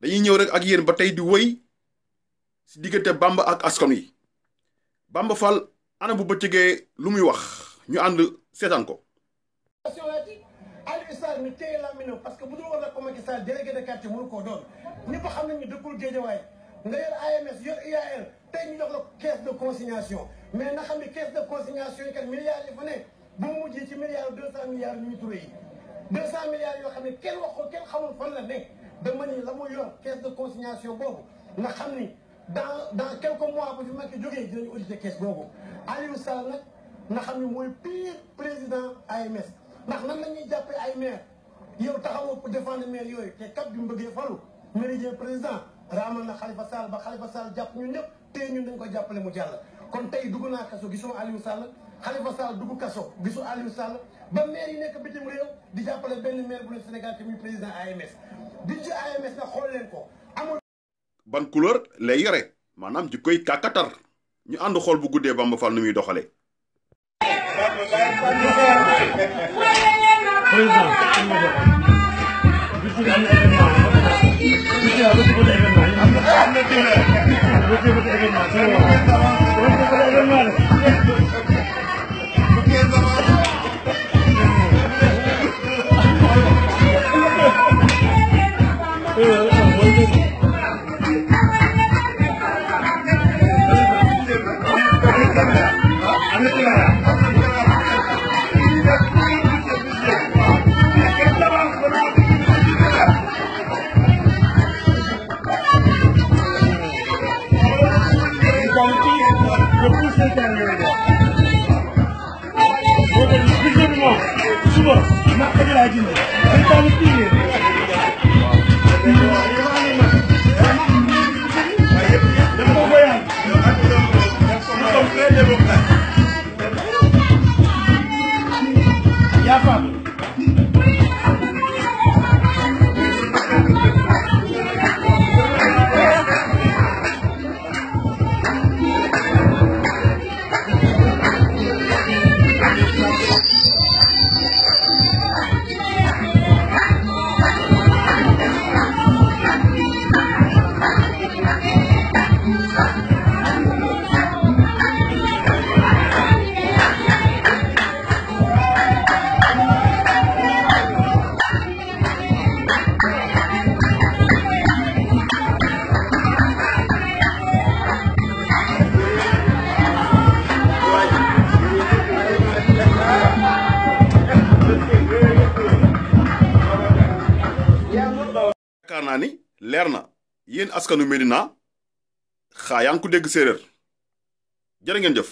dañuy ñëw rek ak yéen ba tey di wëy si diggante Bamba ak askan wi Bamba Fall ana bu bëccëgee lu muy wax ñu ànd seetaan ko. Aliou Sarr mi téye làmmiñam parce que bu dul woon ak Macky Sall délégué de quartier mënu koo doon ñëpp xam nañ ni dëkkul Guédiawaye nga yor AMS yor IAL tey ñu jox la caisse de consignation mais na xam ne caisse de consignation yi kat milliards yi fa ne bu mu mujjee ci milliards deux cent yi deux yoo xam ne kenn wax ko kenn xamul fan la ne. dama ni la mu yor caisse de consignation boobu nga xam ni dans dans quelques mois bu fi Macky jógee dinañu auditer caisse boobu Aliou Sall nag nga xam ni mooy pire président AMS ndax nan la ñuy jàppee ay maire yow taxawoo pour défendre maire yooyu te kat bi mu bëggee falu méridien président raamal na Khalifa sal ba Khalifa sal jàpp ñun ñëpp te ñun dañ ko jàppale mu jàll kon tey dugg naa kaso gisuma Aliou Sall Khalifa Sall dugg kasso les Aliou Sall ba maire yi bitim di ben maire bu Sénégal qui président AMS AMS na xol ko ban couleur lay manam koy kakatar ñu and xol bu Bamba nu Спасибо. На, подирайте меня. Thank you. naa ni leer na yéen askanu Medina xaa yaa ngi ko dégg séeréer jërë ngeen jëf.